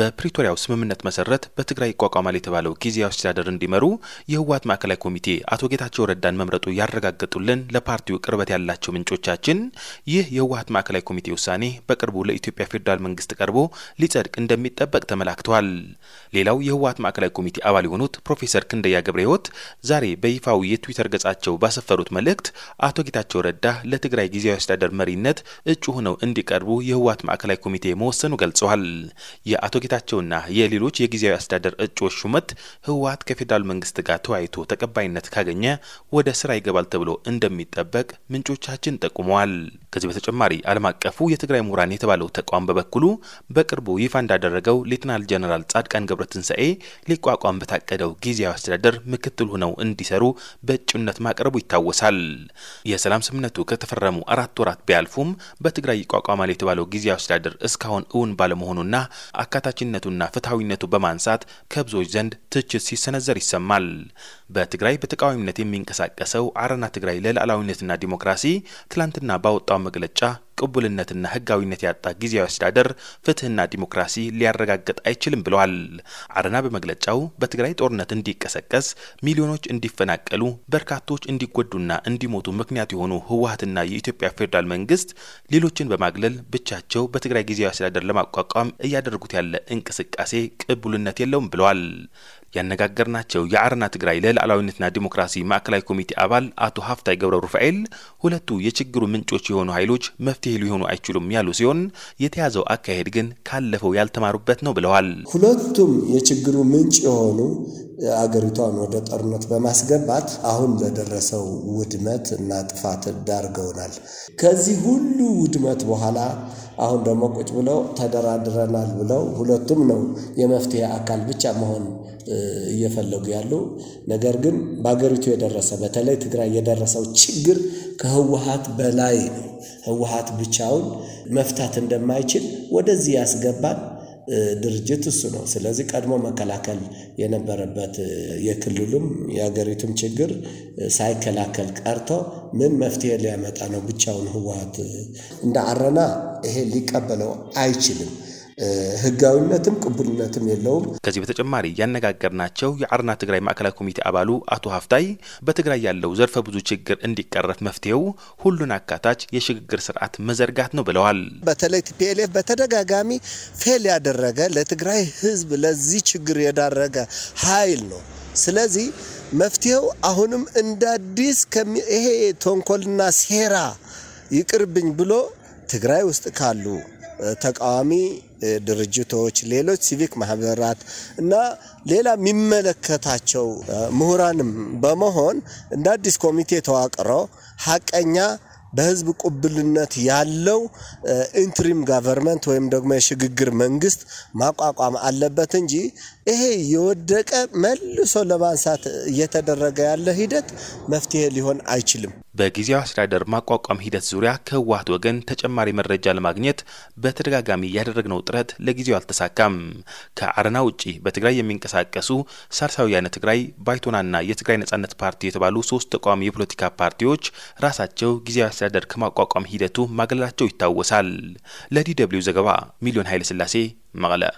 በፕሪቶሪያው ስምምነት መሰረት በትግራይ ይቋቋማል የተባለው ጊዜያዊ አስተዳደር እንዲመሩ የህወሀት ማዕከላዊ ኮሚቴ አቶ ጌታቸው ረዳን መምረጡ ያረጋገጡልን ለፓርቲው ቅርበት ያላቸው ምንጮቻችን ይህ የህወሀት ማዕከላዊ ኮሚቴ ውሳኔ በቅርቡ ለኢትዮጵያ ፌዴራል መንግስት ቀርቦ ሊጸድቅ እንደሚጠበቅ ተመላክተዋል። ሌላው የህወሀት ማዕከላዊ ኮሚቴ አባል የሆኑት ፕሮፌሰር ክንደያ ገብረ ህይወት ዛሬ በይፋዊ የትዊተር ገጻቸው ባሰፈሩት መልእክት አቶ ጌታቸው ረዳ ለትግራይ ጊዜያዊ አስተዳደር መሪነት እጩ ሆነው እንዲቀርቡ የህወሀት ማዕከላዊ ኮሚቴ መወሰኑ ገልጸዋል። የጌታቸውና የሌሎች የጊዜያዊ አስተዳደር እጩዎች ሹመት ህወሀት ከፌዴራል መንግስት ጋር ተወያይቶ ተቀባይነት ካገኘ ወደ ስራ ይገባል ተብሎ እንደሚጠበቅ ምንጮቻችን ጠቁመዋል። ከዚህ በተጨማሪ ዓለም አቀፉ የትግራይ ምሁራን የተባለው ተቋም በበኩሉ በቅርቡ ይፋ እንዳደረገው ሌትናል ጀነራል ጻድቃን ትንሳኤ ሊቋቋም በታቀደው ጊዜያዊ አስተዳደር ምክትል ሆነው እንዲሰሩ በእጩነት ማቅረቡ ይታወሳል። የሰላም ስምምነቱ ከተፈረሙ አራት ወራት ቢያልፉም በትግራይ ይቋቋማል የተባለው ጊዜያዊ አስተዳደር እስካሁን እውን ባለመሆኑና አካታችነቱና ፍትሐዊነቱ በማንሳት ከብዙዎች ዘንድ ትችት ሲሰነዘር ይሰማል። በትግራይ በተቃዋሚነት የሚንቀሳቀሰው አረና ትግራይ ለሉዓላዊነትና ዲሞክራሲ ትላንትና ባወጣው መግለጫ ቅቡልነትና ህጋዊነት ያጣ ጊዜያዊ አስተዳደር ፍትህና ዲሞክራሲ ሊያረጋግጥ አይችልም ብለዋል። አረና በመግለጫው በትግራይ ጦርነት እንዲቀሰቀስ፣ ሚሊዮኖች እንዲፈናቀሉ፣ በርካቶች እንዲጎዱና እንዲሞቱ ምክንያት የሆኑ ህወሀትና የኢትዮጵያ ፌዴራል መንግስት ሌሎችን በማግለል ብቻቸው በትግራይ ጊዜያዊ አስተዳደር ለማቋቋም እያደረጉት ያለ እንቅስቃሴ ቅቡልነት የለውም ብለዋል። ያነጋገርናቸው የአረና ትግራይ ለሉዓላዊነትና ዲሞክራሲ ማዕከላዊ ኮሚቴ አባል አቶ ሀፍታይ ገብረ ሩፋኤል ሁለቱ የችግሩ ምንጮች የሆኑ ኃይሎች መፍትሄ መፍትሄ ሊሆኑ አይችሉም ያሉ ሲሆን የተያዘው አካሄድ ግን ካለፈው ያልተማሩበት ነው ብለዋል። ሁለቱም የችግሩ ምንጭ የሆኑ አገሪቷን ወደ ጦርነት በማስገባት አሁን ለደረሰው ውድመት እና ጥፋት ዳርገውናል። ከዚህ ሁሉ ውድመት በኋላ አሁን ደግሞ ቁጭ ብለው ተደራድረናል ብለው ሁለቱም ነው የመፍትሄ አካል ብቻ መሆን እየፈለጉ ያሉ። ነገር ግን በአገሪቱ የደረሰ በተለይ ትግራይ የደረሰው ችግር ከህወሀት በላይ ነው። ህወሀት ብቻውን መፍታት እንደማይችል ወደዚህ ያስገባል። ድርጅት እሱ ነው። ስለዚህ ቀድሞ መከላከል የነበረበት የክልሉም የሀገሪቱም ችግር ሳይከላከል ቀርቶ ምን መፍትሄ ሊያመጣ ነው ብቻውን ህወሓት እንደ አረና ይሄ ሊቀበለው አይችልም። ህጋዊነትም ቅቡልነትም የለውም። ከዚህ በተጨማሪ ያነጋገርናቸው የአርና ትግራይ ማዕከላዊ ኮሚቴ አባሉ አቶ ሀፍታይ በትግራይ ያለው ዘርፈ ብዙ ችግር እንዲቀረፍ መፍትሄው ሁሉን አካታች የሽግግር ስርዓት መዘርጋት ነው ብለዋል። በተለይ ቲፒኤልኤፍ በተደጋጋሚ ፌል ያደረገ ለትግራይ ህዝብ ለዚህ ችግር የዳረገ ኃይል ነው። ስለዚህ መፍትሄው አሁንም እንደ አዲስ ይሄ ተንኮልና ሴራ ይቅርብኝ ብሎ ትግራይ ውስጥ ካሉ ተቃዋሚ ድርጅቶች፣ ሌሎች ሲቪክ ማህበራት እና ሌላ የሚመለከታቸው ምሁራንም በመሆን እንደ አዲስ ኮሚቴ ተዋቅሮ ሀቀኛ በህዝብ ቁብልነት ያለው ኢንትሪም ጋቨርመንት ወይም ደግሞ የሽግግር መንግስት ማቋቋም አለበት እንጂ ይሄ የወደቀ መልሶ ለማንሳት እየተደረገ ያለ ሂደት መፍትሄ ሊሆን አይችልም። በጊዜያዊ አስተዳደር ማቋቋም ሂደት ዙሪያ ከህወሀት ወገን ተጨማሪ መረጃ ለማግኘት በተደጋጋሚ ያደረግነው ጥረት ለጊዜው አልተሳካም። ከአረና ውጪ በትግራይ የሚንቀሳቀሱ ሳልሳዊ ወያነ ትግራይ፣ ባይቶናና የትግራይ ነጻነት ፓርቲ የተባሉ ሶስት ተቃዋሚ የፖለቲካ ፓርቲዎች ራሳቸው ጊዜያዊ አስተዳደር ከማቋቋም ሂደቱ ማገለላቸው ይታወሳል። ለዲ ደብልዩ ዘገባ ሚሊዮን ኃይለስላሴ መቀለ